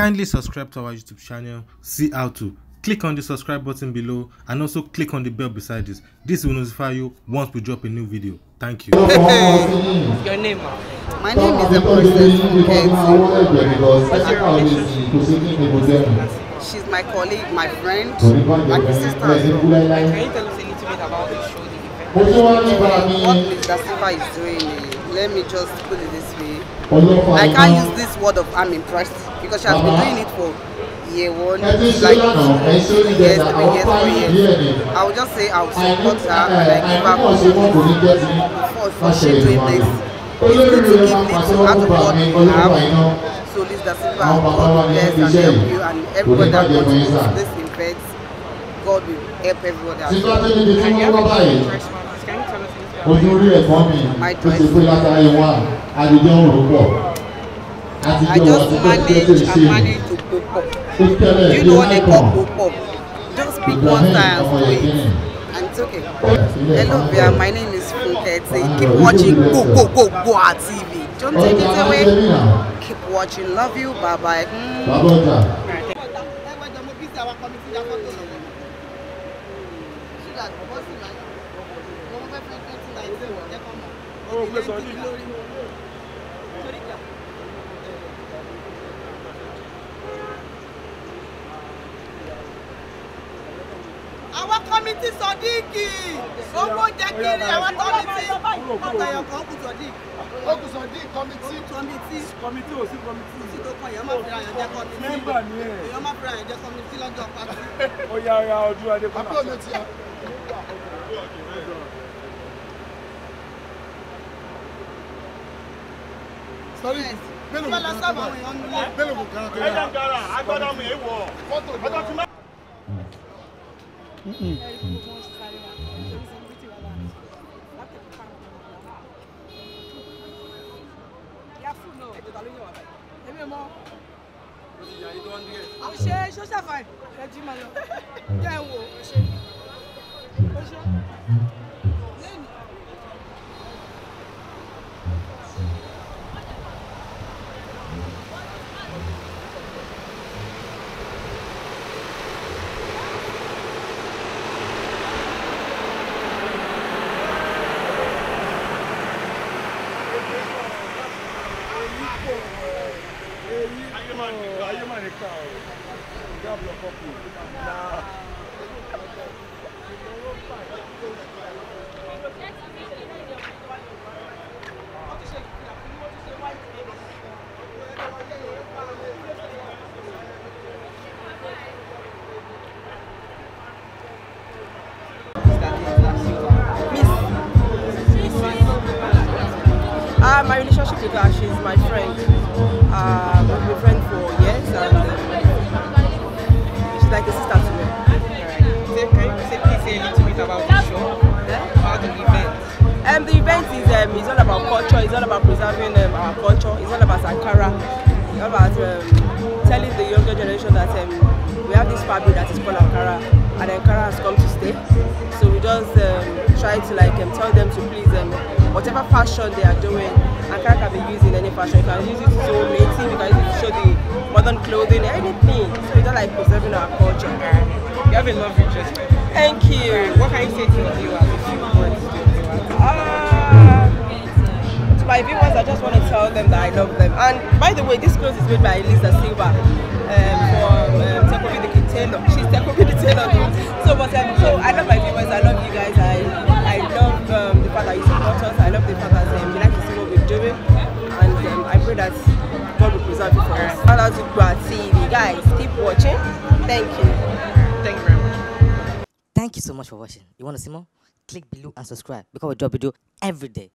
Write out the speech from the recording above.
Kindly subscribe to our YouTube channel, see how to. Click on the subscribe button below and also click on the bell beside this. This will notify you once we drop a new video. Thank you. Your name? My name is She's my colleague, my friend, my sister. Can you tell us a little bit about the show? What Mr. Siva is doing, let me just put it this way. I can't use this word of I'm impressed. because she has been doing it for year one, like two years, three years, four years. I would just say I would support her and eh, I give her confidence for, for she doing this. It's good to give it to her to God in her. So Liz Da Silva, God bless and help you and everyone that contributes to this event. God will help everyone that contributes. Ojú orí ẹ̀fọ́ mi, ó ti pé látara ẹ̀wọ̀n àdìjọ́ òrùn I just manage and manage to go pop. You know what they call go pop. Just pick one tire and go it. And it's okay. Hello, Bia. My name is Funkete. Keep watching Go Go Go Go at TV. Don't take it away. Keep watching. Love you. Bye bye. Mm. Oh, please, I àwọn kọ́mítì sọdíìkì owó jẹ kiri àwọn kọ́mítì ọ̀tọ̀yọ̀ kan kù sọdíìkì. ó kù sọdíìkì kọ́mítì. kọ́mítì kọ́mítì ò sí kọ́mítì. kò sí tó kọ èèyàn má fira àyàn jẹ kọ́mítì. mẹ́mbà ni ẹ̀. èèyàn má fira àyàn jẹ kọ́mítì lọ́jọ́ pàtó. ó yá ara ọdún adé kọ́mítì. àbúrò mi ti yà. sọrí mélòó kò kára tó yà. mélòó kò kára tó yà. ẹ jẹ́ ń gara agbádọ́ mi èèwọ̀. mọ́tò ìjọba ṣe Thank you. human, a a cow. Grab your my relationship with her, she's my friend. Uh, we've friends sister. She's like a sister to me. a little bit about the show? About the event? Um, the event is um, it's all about culture, it's all about preserving um, our culture, it's all about Sankara, it's all about um, telling the younger generation that um, we have this fabric that is called Ankara and Ankara has come to stay. So we just um, try to like um, tell them to please um, whatever fashion they are doing, Ankara can be used in any fashion. You can use it to sew even clothing, anything. So it's not like preserving our culture. And you have a lovely dress, Thank you. What can you say to the viewers? Uh, to my viewers, I just want to tell them that I love them. And by the way, this clothes is made by Elisa Silva um, from um, Tekobi the Taylor. She's Tekobi the Taylor. So, but, um, so I love my viewers. I love you guys. watching. Thank you. Thank you very much. Thank you so much for watching. You want to see more? Click below and subscribe because we drop video every day.